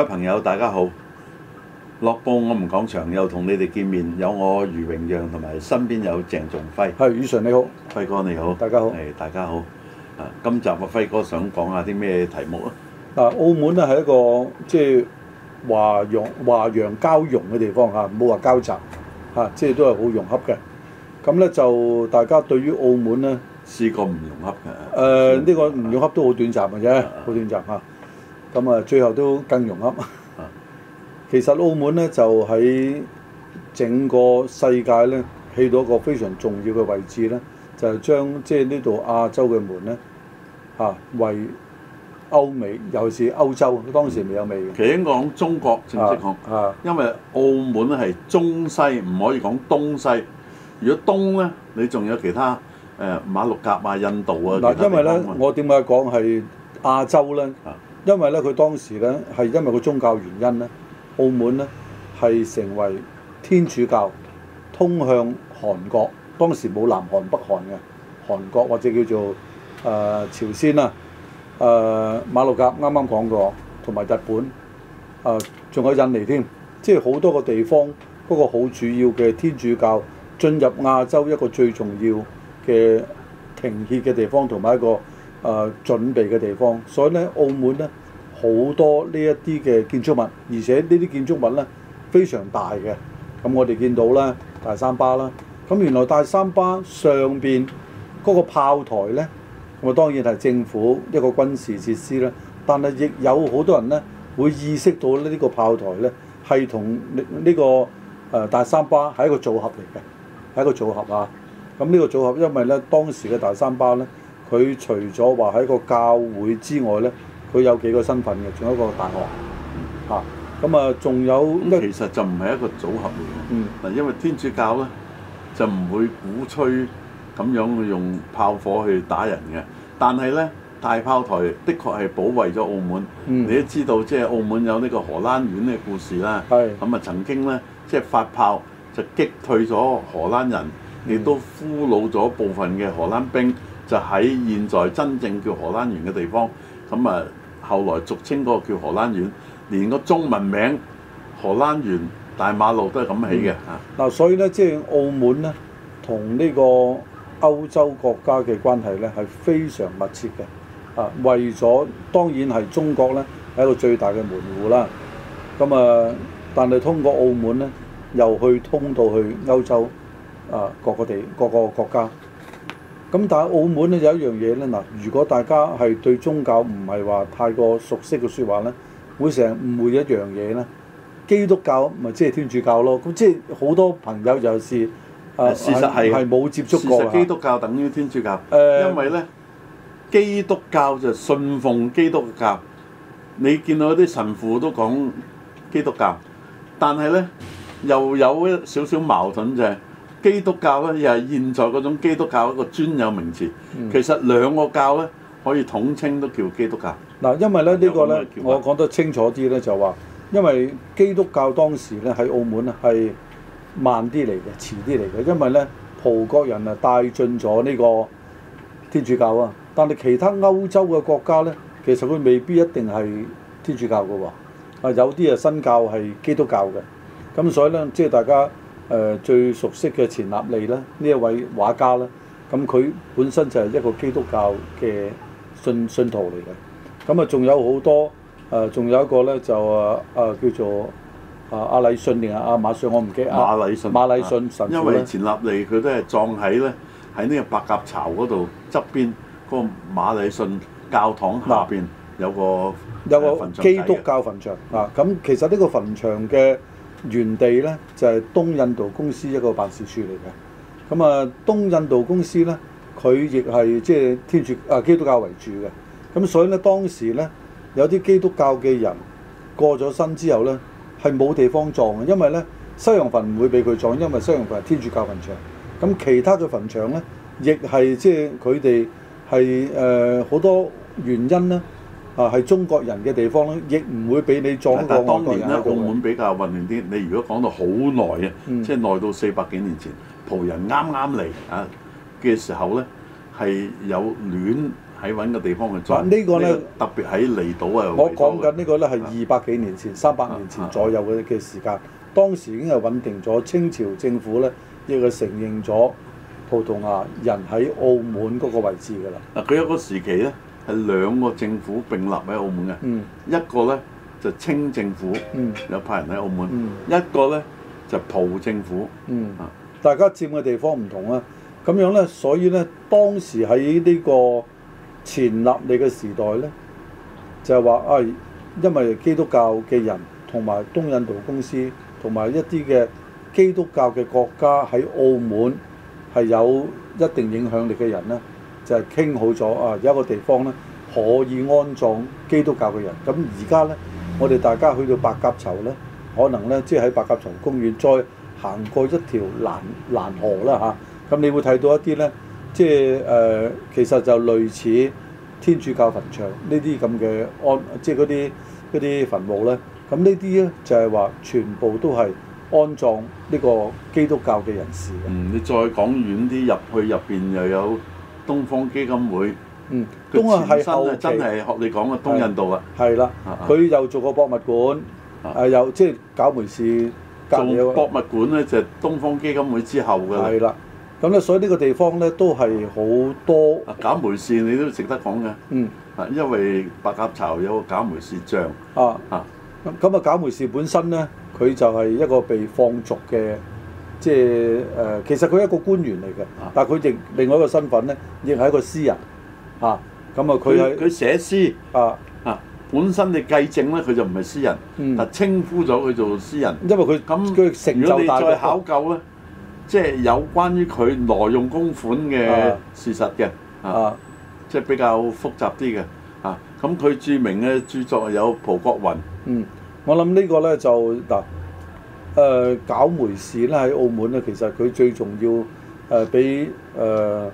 各位朋友，大家好！樂報我們講場又同你哋見面，有我余榮陽同埋身邊有鄭仲輝。係，余 Sir 你好，輝哥你好，大家好。係，大家好。啊，今集啊，輝哥想講下啲咩題目啊？嗱，澳門咧係一個即係華融華洋交融嘅地方啊，唔好話交集啊，即係都係好融合嘅。咁咧就大家對於澳門呢、呃這個，試過唔融合嘅。誒，呢個唔融合都好短暫嘅啫，好短暫吓。咁啊，最後都更融合。其實澳門咧就喺整個世界咧起到一個非常重要嘅位置咧，就係將即係呢度亞洲嘅門咧嚇為歐美，尤其是歐洲。當時未有美嘅。其實應該講中國正式講、啊，因為澳門咧係中西，唔可以講東西。如果東咧，你仲有其他誒、呃、馬六甲啊、印度啊嗱，因為咧我點解講係亞洲咧？啊因為咧，佢當時咧係因為個宗教原因咧，澳門呢係成為天主教通向韓國，當時冇南韓北韓嘅韓國或者叫做誒朝鮮啊，誒馬六甲啱啱講過，同埋日本，誒仲有印尼添，即係好多個地方，嗰個好主要嘅天主教進入亞洲一個最重要嘅停歇嘅地方同埋一個。誒、呃、準備嘅地方，所以咧澳門咧好多呢一啲嘅建築物，而且呢啲建築物呢非常大嘅。咁我哋見到啦，大三巴啦，咁原來大三巴上面嗰個炮台呢，我當然係政府一個軍事設施啦。但係亦有好多人呢會意識到呢個炮台呢係同呢個誒大三巴係一個組合嚟嘅，係一個組合啊。咁呢個組合因為呢當時嘅大三巴呢。佢除咗話喺個教會之外呢，佢有幾個身份嘅，仲有一個大學嚇。咁啊，仲、啊、有其實就唔係一個組合嚟嘅。嗱、嗯，因為天主教呢，就唔會鼓吹咁樣用炮火去打人嘅。但係呢，大炮台的確係保衞咗澳門。嗯、你都知道，即係澳門有呢個荷蘭院嘅故事啦。係咁啊，曾經呢，即、就、係、是、發炮就擊退咗荷蘭人，亦、嗯、都俘虜咗部分嘅荷蘭兵。嗯就喺現在真正叫荷蘭園嘅地方，咁啊後來俗稱嗰個叫荷蘭園，連個中文名荷蘭園大馬路都係咁起嘅啊！嗱、嗯嗯，所以呢，即係澳門呢同呢個歐洲國家嘅關係呢係非常密切嘅啊。為咗當然係中國呢係一個最大嘅門戶啦，咁啊，但係通過澳門呢，又去通到去歐洲啊各個地各個國家。咁但係澳門咧有一樣嘢咧嗱，如果大家係對宗教唔係話太過熟悉嘅説話咧，會成日誤會一樣嘢咧。基督教咪即係天主教咯？咁即係好多朋友就係事實係係冇接觸過。其實基督教等於天主教，因為咧基督教就信奉基督教，你見到啲神父都講基督教，但係咧又有一少少矛盾就係。基督教咧，又係現在嗰種基督教一個專有名詞。其實兩個教咧可以統稱都叫基督教。嗱、嗯，因為咧呢個咧，我講得清楚啲咧，就話因為基督教當時咧喺澳門咧係慢啲嚟嘅，遲啲嚟嘅，因為咧葡國人啊帶進咗呢個天主教啊。但係其他歐洲嘅國家咧，其實佢未必一定係天主教㗎喎。啊，有啲啊新教係基督教嘅。咁所以咧，即係大家。誒最熟悉嘅錢納利啦，呢一位畫家啦，咁佢本身就係一個基督教嘅信信徒嚟嘅，咁啊仲有好多誒，仲有一個咧就誒誒叫做啊阿禮遜定係阿馬遜我唔記得啊馬禮遜、馬禮遜神父咧，因為錢納利佢都係葬喺咧喺呢個白鴿巢嗰度側邊嗰個馬禮遜教堂下邊有個有個基督教墳場啊，咁其實呢個墳場嘅。原地呢就係東印度公司一個辦事處嚟嘅，咁啊東印度公司呢，佢亦係即係天主啊基督教為主嘅，咁所以呢，當時呢，有啲基督教嘅人過咗身之後呢，係冇地方葬嘅，因為呢，西洋墳唔會俾佢葬，因為西洋墳係天主教墳場，咁其他嘅墳場呢，亦係即係佢哋係誒好多原因呢。啊，係中國人嘅地方咧，亦唔會俾你撞到、嗯。光當年咧，澳門比較混亂啲。你如果講到好耐啊，即係耐到四百幾年前，葡人啱啱嚟啊嘅時候呢，係有亂喺揾個地方去。嗱呢個呢，特別喺離島啊。我講緊呢個呢，係二百幾年前三百年前左右嘅嘅時間，當時已經係穩定咗。清朝政府呢亦係承認咗葡萄牙人喺澳門嗰個位置㗎啦。佢一個時期呢。係兩個政府並立喺澳門嘅、嗯，一個呢就清政府、嗯、有派人喺澳門、嗯，一個呢就葡政府、嗯。大家佔嘅地方唔同啊。咁樣呢，所以呢，當時喺呢個前立你嘅時代呢，就係話啊，因為基督教嘅人同埋東印度公司同埋一啲嘅基督教嘅國家喺澳門係有一定影響力嘅人呢。就係傾好咗啊！有一個地方咧可以安葬基督教嘅人。咁而家咧，我哋大家去到白鴿巢咧，可能咧即係喺白鴿巢公園再行過一條南南河啦嚇。咁你會睇到一啲咧，即係誒，其實就類似天主教墳場呢啲咁嘅安，即係嗰啲嗰啲墳墓咧。咁呢啲咧就係話全部都係安葬呢個基督教嘅人士。嗯，你再講遠啲入去入邊又有。東方基金會，嗯，佢前身真係學你講嘅東印度啊。係啦，佢又做過博物館，誒、啊啊、又即係賈梅士。博物館咧就係東方基金會之後嘅。啦。係啦，咁咧所以呢個地方咧都係好多。啊，賈梅士你都值得講嘅。嗯。啊，因為白鴿巢有個賈梅士像。啊。啊，咁啊，賈梅士本身咧，佢就係一個被放逐嘅。即係誒、呃，其實佢係一個官員嚟嘅，但係佢亦另外一個身份咧，亦係一個詩人嚇。咁啊，佢、嗯、佢寫詩啊啊！本身你計政咧，佢就唔係詩人、嗯，但稱呼咗佢做詩人。因為佢咁，佢成就大過。如果你再考究咧，即、就、係、是、有關於佢挪用公款嘅事實嘅啊，即、啊、係、就是、比較複雜啲嘅啊。咁佢著名嘅著作有《葡國魂》。嗯，我諗呢個咧就嗱。啊。誒、呃、賈梅士咧喺澳門咧，其實佢最重要誒俾誒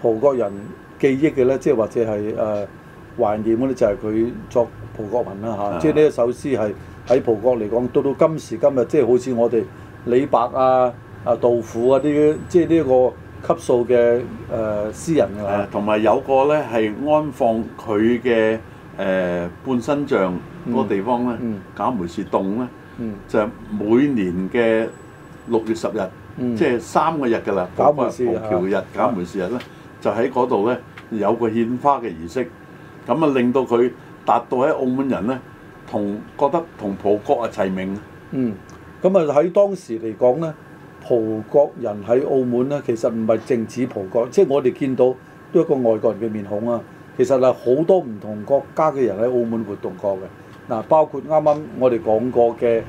葡國人記憶嘅咧、呃就是啊啊，即係或者係誒懷念嗰啲就係佢作葡國文啦嚇。即係呢一首詩係喺葡國嚟講，到到今時今日，即係好似我哋李白啊、啊杜甫啊啲，即係呢一個級數嘅誒、呃、詩人嘅。同、啊、埋有，有個咧係安放佢嘅誒半身像嗰個地方咧、嗯嗯，賈梅士洞咧。就每年嘅六月十日，嗯、即係三個日㗎啦，包括葡橋日、減、啊、梅市日咧，就喺嗰度咧有個獻花嘅儀式，咁啊令到佢達到喺澳門人咧同覺得同葡國啊齊名。嗯，咁啊喺當時嚟講咧，葡國人喺澳門咧其實唔係淨止葡國，即、就、係、是、我哋見到都一個外國人嘅面孔啊，其實係好多唔同國家嘅人喺澳門活動過嘅。嗱，包括啱啱我哋講過嘅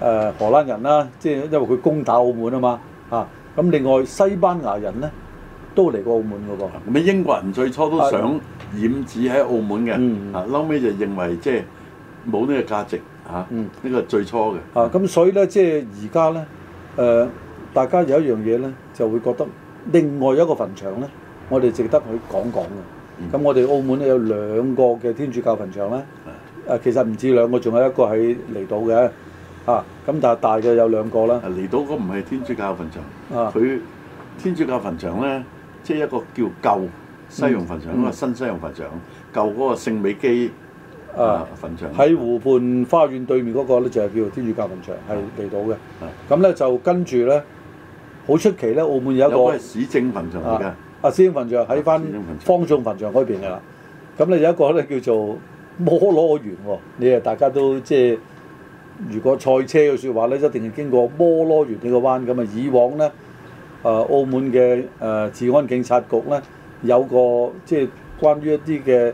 誒荷蘭人啦，即係因為佢攻打澳門啊嘛，嚇，咁另外西班牙人咧都嚟過澳門噶噃。咁英國人最初都想染指喺澳門嘅，啊、嗯、嬲尾就認為即係冇呢個價值嚇，嗯，呢個係最初嘅。啊、嗯、咁所以咧，即係而家咧，誒大家有一樣嘢咧就會覺得另外一個墳場咧，我哋值得去講講嘅。咁、嗯、我哋澳門咧有兩個嘅天主教墳場咧。誒其實唔止兩個，仲有一個喺離島嘅，啊咁但係大嘅有兩個啦。離島嗰，唔係天主教墳場，啊佢，天主教墳場咧，即係一個叫舊西洋墳場，咁啊，新西洋墳場，舊嗰個聖美基啊，墳場喺湖畔花園對面嗰個咧就係叫天主教墳場，係離島嘅。咁咧就跟住咧好出奇咧，澳門有一個市政墳場嚟噶。啊，市政墳場喺翻方中墳場嗰邊嘅啦。咁咧有一個咧叫做。摩羅園喎，你啊，大家都即係，如果賽車嘅説話咧，一定係經過摩羅園呢個彎咁啊！以往咧，誒澳門嘅誒治安警察局咧，有個即係關於一啲嘅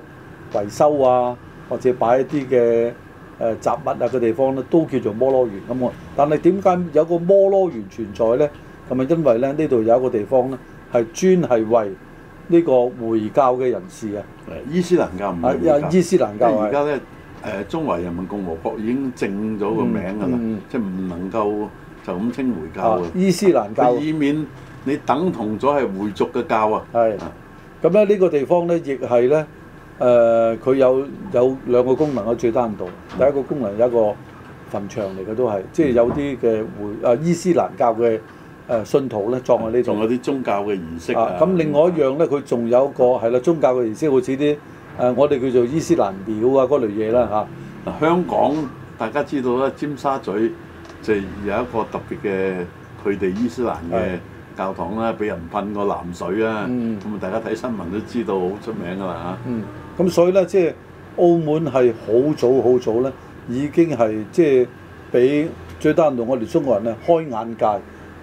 維修啊，或者擺一啲嘅誒雜物啊嘅地方咧，都叫做摩羅園咁啊！但係點解有個摩羅園存在咧？係咪因為咧呢度有一個地方咧，係專係為？呢、這個回教嘅人士啊，伊斯蘭教唔伊斯蘭教。而家咧，誒中華人民共和國已經正咗個名㗎啦，嗯嗯，即係唔能夠就咁稱回教，啊，伊斯蘭教，以免你等同咗係回族嘅教啊。係，咁咧呢個地方咧亦係咧，誒佢，呃，有有兩個功能嘅最低限度，第一個功能有一個墳場嚟嘅都係，即、就、係、是，有啲嘅回啊伊斯蘭教嘅。誒、啊、信徒咧葬喺呢度，仲有啲宗教嘅儀式啊！咁、啊、另外一樣咧，佢仲有一個係啦，宗教嘅儀式，好似啲誒我哋叫做伊斯蘭廟啊嗰類嘢啦嚇。嗱、嗯啊、香港大家知道啦，尖沙咀就有一個特別嘅佢哋伊斯蘭嘅教堂啦，俾人噴過藍水啊，咁、嗯、啊大家睇新聞都知道好出名噶嘛。嚇、嗯。咁、嗯、所以咧，即係澳門係好早好早咧，已經係即係俾最多人同我哋中國人咧開眼界。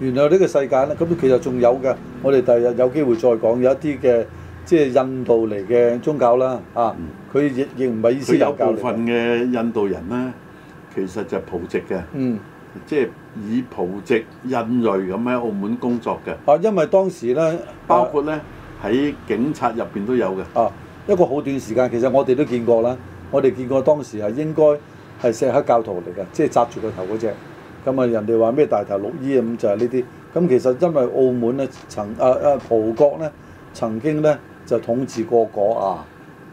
原來呢個世界呢，咁其實仲有嘅。我哋第日有機會再講，有一啲嘅即係印度嚟嘅宗教啦，啊，佢亦亦唔係意思有，教嘅，有部分嘅印度人呢，其實就係葡籍嘅、嗯，即係以葡籍、印裔咁喺澳門工作嘅。啊，因為當時呢，包括呢，喺、啊、警察入邊都有嘅。啊，一個好短時間，其實我哋都見過啦。我哋見過當時係應該係錫克教徒嚟嘅，即係紮住個頭嗰隻。咁啊，人哋話咩大頭綠衣啊，咁就係呢啲。咁其實因為澳門咧，曾啊啊葡國咧，曾經咧就統治過果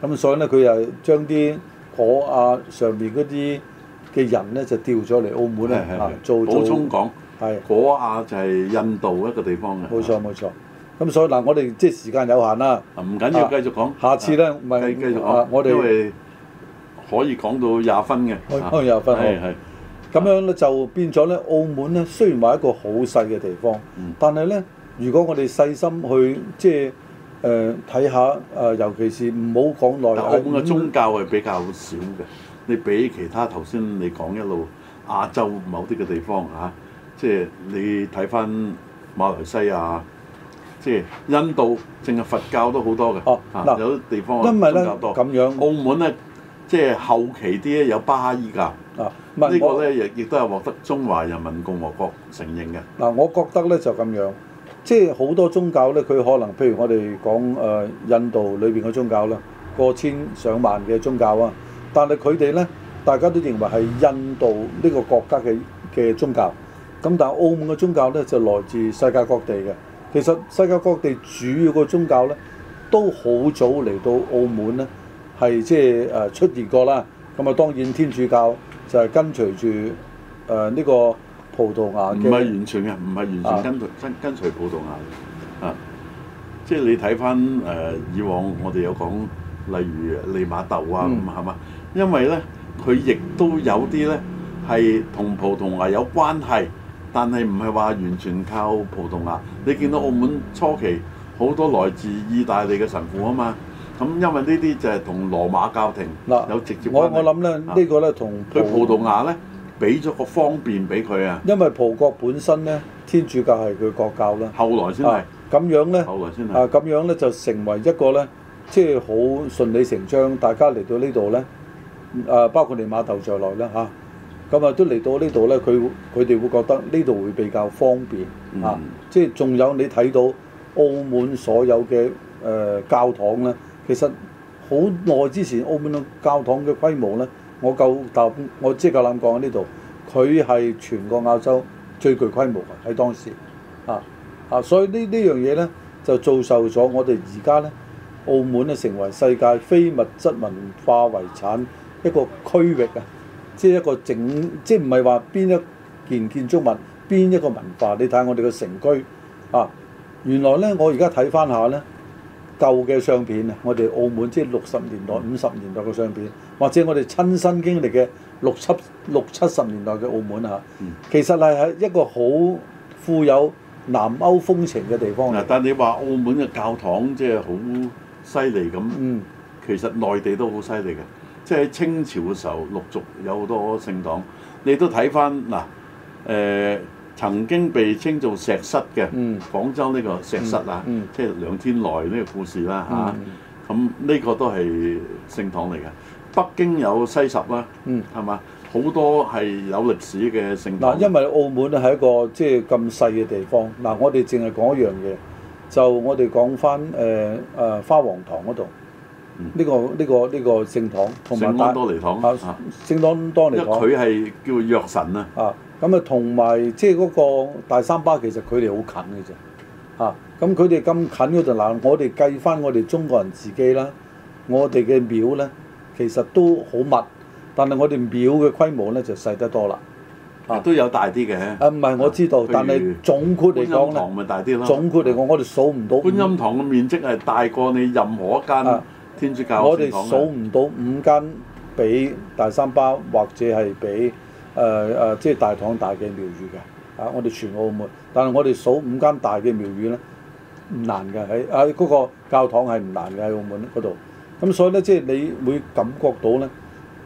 亞，咁所以咧佢又將啲果亞上面嗰啲嘅人咧就調咗嚟澳門咧做到。補充講係果亞就係印度一個地方嘅。冇錯冇錯。咁、啊、所以嗱，我哋即係時間有限啊，唔緊要繼續講。下次咧咪、啊、繼續啊，我哋可以講到廿分嘅，可以講到廿分。係、啊、係。咁樣咧就變咗咧，澳門咧雖然話一個好細嘅地方，嗯、但係咧，如果我哋細心去即係誒睇下誒，尤其是唔好講內地。澳門嘅宗教係比較少嘅、嗯，你比其他頭先你講一路亞洲某啲嘅地方嚇、啊，即係你睇翻馬來西亞，即係印度淨係佛教都好多嘅。哦、啊，有啲地方宗教多。因為咧，咁樣澳門咧。即係後期啲咧有巴哈伊噶，啊，這個、呢個咧亦亦都係獲得中華人民共和國承認嘅。嗱，我覺得咧就咁樣，即係好多宗教咧，佢可能譬如我哋講誒、呃、印度裏邊嘅宗教啦，過千上萬嘅宗教啊，但係佢哋咧大家都認為係印度呢個國家嘅嘅宗教。咁但係澳門嘅宗教咧就來自世界各地嘅。其實世界各地主要嘅宗教咧都好早嚟到澳門咧。係即係誒出現過啦，咁啊當然天主教就係跟隨住誒呢個葡萄牙唔係完全嘅，唔係完全跟隨跟、啊、跟隨葡萄牙嘅啊。即係你睇翻誒以往我哋有講，例如利瑪竇啊咁啊、嗯，因為咧佢亦都有啲咧係同葡萄牙有關係，但係唔係話完全靠葡萄牙。你見到澳門初期好多來自意大利嘅神父啊嘛。咁因為呢啲就係同羅馬教廷有直接關聯。我我諗咧，這個、呢個咧同佢葡萄牙咧俾咗個方便俾佢啊。因為葡國本身咧，天主教係佢國教啦。後來先係咁樣咧。後來先係啊咁樣咧，就成為一個咧，即係好順理成章，大家嚟到這裡呢度咧，誒包括你碼頭在內啦嚇，咁啊，啊都嚟到呢度咧，佢佢哋會覺得呢度會比較方便啊！即係仲有你睇到澳門所有嘅誒、呃、教堂咧。其實好耐之前，澳門嘅教堂嘅規模呢，我夠膽，我即係夠膽講喺呢度，佢係全個亞洲最具規模嘅喺當時，啊啊！所以呢呢樣嘢呢，就造就咗我哋而家呢，澳門呢成為世界非物質文化遺產一個區域啊，即係一個整，即唔係話邊一件建築物，邊一個文化，你睇下我哋嘅城區啊，原來呢，我而家睇翻下呢。舊嘅相片啊，我哋澳門即係六十年代、五十年代嘅相片，或者我哋親身經歷嘅六七六七十年代嘅澳門啊，其實係喺一個好富有南歐風情嘅地方。嗱，但你話澳門嘅教堂即係好犀利咁，其實內地都好犀利嘅，即係喺清朝嘅時候陸續有好多好多聖堂，你都睇翻嗱，誒、呃。曾經被稱做石室嘅廣州呢個石室啊、嗯，即係兩天內呢個故事啦嚇。咁、嗯、呢、嗯啊這個都係聖堂嚟嘅。北京有西什啦，係、嗯、嘛？好多係有歷史嘅聖堂。嗱、嗯嗯，因為澳門咧係一個即係咁細嘅地方。嗱，我哋淨係講一樣嘢，就我哋講翻誒啊花王堂嗰度，呢、這個呢、這個呢、這個聖堂。聖安多尼堂。聖安多尼堂。因為佢係叫藥神啊。咁啊，同埋即係嗰個大三巴，其實佢哋好近嘅啫。嚇、啊，咁佢哋咁近嗰度，嗱、啊，我哋計翻我哋中國人自己啦，我哋嘅廟呢，其實都好密，但係我哋廟嘅規模呢，就細得多啦。啊，都有大啲嘅。啊，唔係，我知道，啊、但係總括嚟講咧，總括嚟講，我哋數唔到。觀音堂咪大啲咯。觀音堂嘅面積係大過你任何一間天主教。我哋數唔到五間比大三巴或者係比。誒、呃、誒、呃，即係大堂大嘅廟宇嘅啊！我哋全澳門，但係我哋數五間大嘅廟宇呢，唔難嘅喺喺嗰個教堂係唔難嘅喺澳門嗰度。咁、嗯、所以呢，即係你會感覺到呢，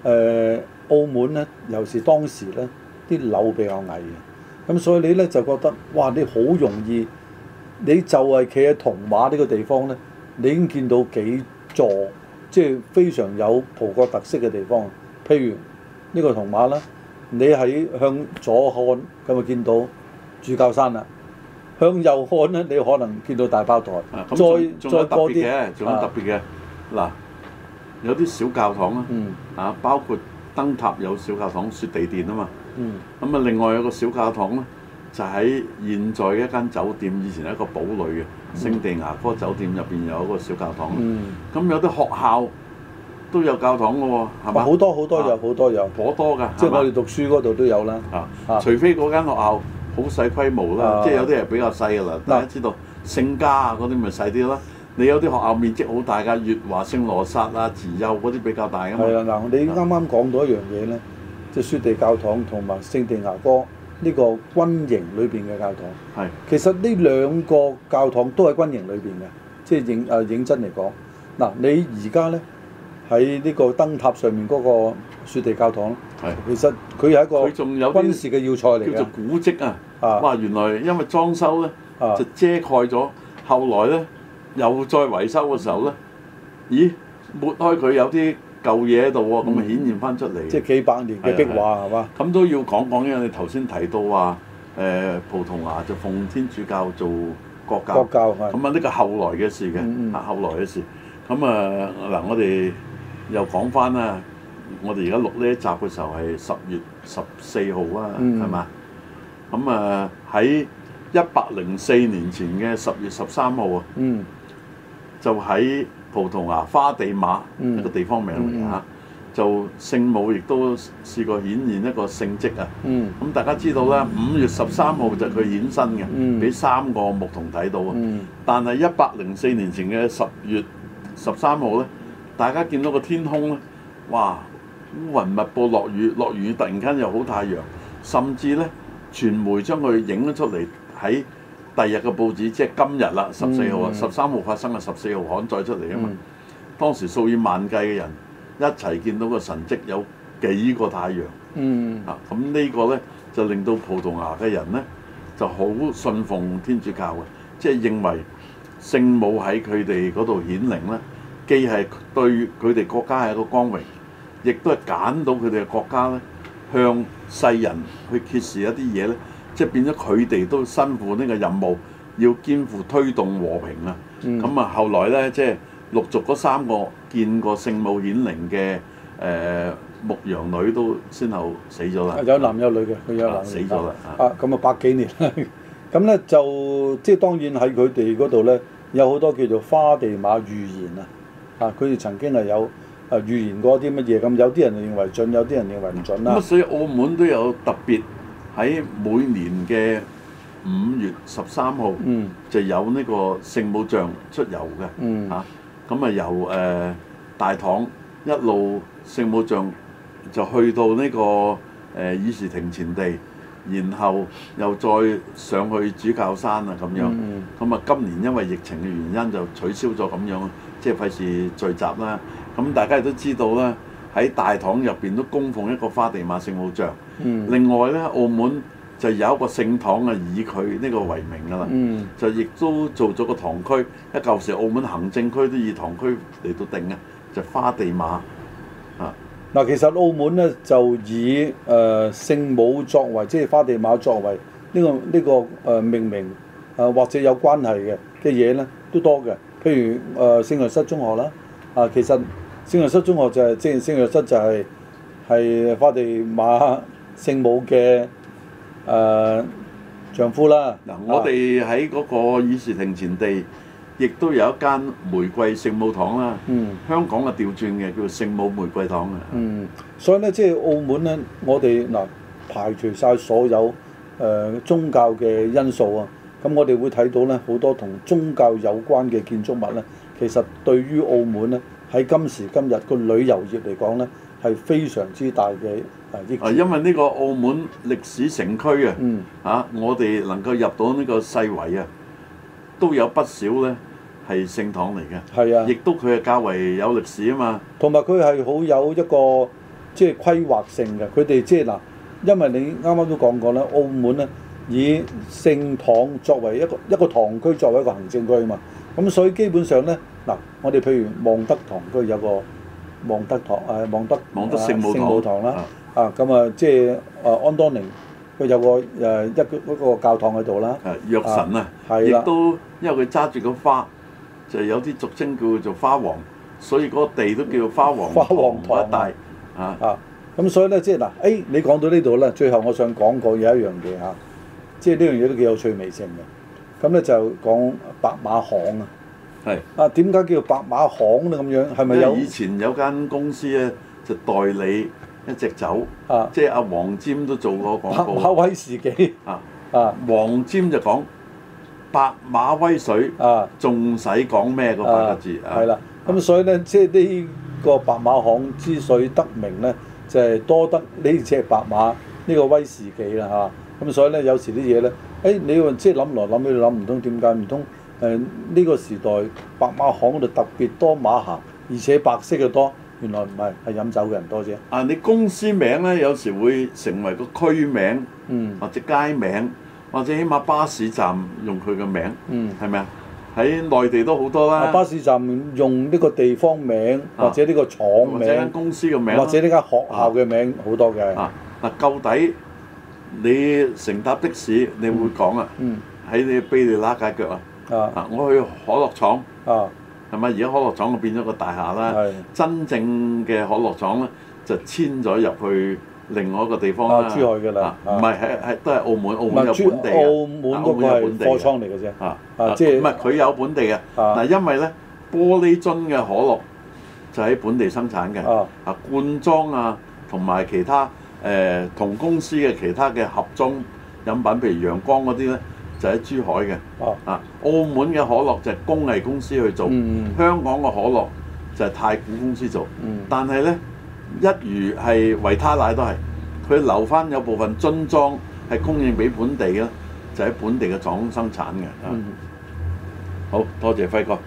呃、澳門呢，尤其是當時呢啲樓比較矮嘅，咁、嗯、所以你呢，就覺得哇！你好容易，你就係企喺銅馬呢個地方呢，你已經見到幾座即係非常有葡國特色嘅地方，譬如個呢個銅馬啦。你喺向左看咁，啊，見到主教山啦。向右看咧，你可能見到大炮台。再再過啲，仲有特別嘅。嗱、啊啊，有啲小教堂啦、嗯，啊，包括燈塔有小教堂、雪地殿啊嘛。咁、嗯、啊，另外有個小教堂咧，就喺現在一間酒店，以前係一個堡壘嘅、嗯、聖地牙哥酒店入邊有一個小教堂。咁、嗯、有啲學校。都有教堂嘅喎，係好多好多有，好、啊、多有，頗多㗎。即、就、係、是、我哋讀書嗰度都有啦、啊。啊，除非嗰間學校好細規模啦、啊啊，即係有啲係比較細嘅啦。大家知道聖家啊嗰啲咪細啲咯。你有啲學校面積好大㗎，粵華聖羅撒啊、慈幼嗰啲比較大㗎嘛。係啊，嗱、啊啊，你啱啱講到一樣嘢咧，就雪地教堂同埋聖地牙哥呢個軍營裏邊嘅教堂。係、啊。其實呢兩個教堂都喺軍營裏邊嘅，即、就、係、是、認誒、啊、認真嚟講。嗱、啊，你而家咧？喺呢個燈塔上面嗰個雪地教堂咯，其實佢有一個佢仲有軍事嘅要塞嚟叫做古蹟啊，啊哇原來因為裝修咧、啊、就遮蓋咗，後來咧又再維修嘅時候咧、嗯，咦抹開佢有啲舊嘢喺度喎，咁、嗯、啊顯現翻出嚟，即係幾百年嘅壁畫係嘛，咁都要講講因為你頭先提到話誒、呃、葡萄牙就奉天主教做國教，國教係咁啊呢個後來嘅事嘅，啊、嗯、後來嘅事，咁啊嗱、呃、我哋。又講翻啦，我哋而家錄呢一集嘅時候係十月十四號啊，係、嗯、嘛？咁啊喺一百零四年前嘅十月十三號啊，就喺葡萄牙花地馬、嗯、一個地方名嚟嚇、嗯嗯，就聖母亦都試過顯現一個聖蹟啊。咁、嗯、大家知道咧，五月十三號就佢衍生嘅，俾、嗯、三個牧童睇到啊、嗯。但係一百零四年前嘅十月十三號咧。大家見到個天空呢哇！烏雲密布，落雨，落雨突然間又好太陽，甚至呢傳媒將佢影咗出嚟喺第日嘅報紙，即係今日啦，十四號啊，十三號發生嘅十四號刊載出嚟啊嘛。當時數以萬計嘅人一齊見到個神跡有幾個太陽，嗯、啊咁呢個呢，就令到葡萄牙嘅人呢就好信奉天主教嘅，即係認為聖母喺佢哋嗰度顯靈啦。既係對佢哋國家係一個光榮，亦都係揀到佢哋嘅國家咧，向世人去揭示一啲嘢咧，即係變咗佢哋都身負呢個任務，要肩負推動和平啦。咁啊，後來咧，即係陸續嗰三個見過聖母顯靈嘅誒、呃、牧羊女都先後死咗啦。有男有女嘅，佢有男有死咗啦。啊，咁啊，啊，啊百幾年，咁 咧就即係當然喺佢哋嗰度咧，有好多叫做花地馬預言啊。啊！佢哋曾經係有啊預、呃、言過啲乜嘢咁，有啲人就認為準，有啲人認為唔準啦。咁、嗯、所以澳門都有特別喺每年嘅五月十三號，就有呢個聖母像出遊嘅嚇。咁、嗯、啊，由誒、呃、大堂一路聖母像就去到呢、這個誒、呃、議事亭前地，然後又再上去主教山啊咁樣。咁、嗯、啊，嗯、今年因為疫情嘅原因就取消咗咁樣。即係費事聚集啦，咁大家亦都知道啦，喺大堂入邊都供奉一個花地瑪聖母像。嗯。另外呢，澳門就有一個聖堂啊，以佢呢個為名㗎嘛。嗯。就亦都做咗個堂區，一舊時澳門行政區都以堂區嚟到定嘅，就花地瑪。嗱，其實澳門呢，就以誒聖母作為，即係花地瑪作為呢個呢個誒命名，或者有關係嘅嘅嘢呢，都多嘅。譬如誒、呃、聖若瑟中學啦，啊，其實聖若瑟中學就係、是、即係聖若瑟就係、是、係花地馬聖母嘅誒、呃、丈夫啦。嗱、呃呃，我哋喺嗰個議事亭前地，亦都有一間玫瑰聖母堂啦、啊。嗯。香港嘅調轉嘅叫聖母玫瑰堂啊。嗯。所以咧，即、就、係、是、澳門咧，我哋嗱、呃、排除晒所有誒、呃、宗教嘅因素啊。咁我哋會睇到咧，好多同宗教有關嘅建築物咧，其實對於澳門咧，喺今時今日個旅遊業嚟講咧，係非常之大嘅啊，因為呢個澳門歷史城區啊，嚇、嗯啊、我哋能夠入到呢個世遺啊，都有不少咧係聖堂嚟嘅，係啊，亦都佢係較為有歷史啊嘛。同埋佢係好有一個即係、就是、規劃性嘅，佢哋即係嗱，因為你啱啱都講過啦，澳門咧。以聖堂作為一個一個堂區作為一個行政區啊嘛，咁所以基本上咧嗱，我哋譬如望德堂區有個望德堂，誒、啊、望德望德聖母堂啦，啊咁啊即係啊安多尼佢有個誒一,一個教堂喺度啦，啊藥神啊，啊亦都因為佢揸住個花，就係有啲俗稱叫做花王，所以嗰個地都叫做花王花王台一帶啊，啊咁、啊、所以咧即係嗱，誒、就是、你講到呢度啦，最後我想講個有一樣嘢嚇。即係呢樣嘢都幾有趣味性嘅，咁咧就講白馬行啊。係啊，點解叫白馬行咧咁樣？係咪有？以前有間公司咧就代理一隻酒，啊、即係阿黃霑都做過廣告。白馬威士忌啊，威啊，什麼啊，是啊，啊，黃霑就講白馬威水啊，仲使講咩個八個字啊？係啦，咁所以咧，即係呢個白馬行之水得名咧，就係、是、多得呢隻白馬呢、這個威士忌啦嚇。啊咁所以咧，有時啲嘢咧，誒、欸，你話即係諗來諗去想，諗唔通點解唔通？誒，呢、呃這個時代白馬行嗰度特別多馬行，而且白色嘅多，原來唔係，係飲酒嘅人多啫。啊，你公司名咧，有時會成為個區名，嗯，或者街名，或者起碼巴士站用佢嘅名，嗯，係咪啊？喺內地都好多啦、啊。巴士站用呢個地方名，或者呢個廠名，啊、或者間公司嘅名，或者呢間學校嘅名，好、啊、多嘅。嗱、啊，舊、啊、底。你乘搭的士，你會講啊？喺、嗯嗯、你俾利喇街腳啊？啊，我去可樂廠啊，係咪？而家可樂廠就變咗個大廈啦。真正嘅可樂廠咧，就遷咗入去另外一個地方啦。海、啊、遷、啊、去啦，唔係喺喺都係澳門澳門、啊、有本地。唔係，澳門都有本地，係貨倉嚟嘅啫。啊即係唔係佢有本地嘅嗱、啊啊？因為咧，玻璃樽嘅可樂就喺本地生產嘅啊，啊，罐裝啊，同埋其他。誒、呃、同公司嘅其他嘅盒裝飲品，譬如陽光嗰啲呢，就喺、是、珠海嘅。啊、哦，澳門嘅可樂就係工藝公司去做，嗯、香港嘅可樂就係太古公司做。嗯、但係呢，一如係維他奶都係，佢留翻有部分樽裝係供應俾本地嘅，就喺、是、本地嘅廠生產嘅、嗯嗯。好多謝輝哥。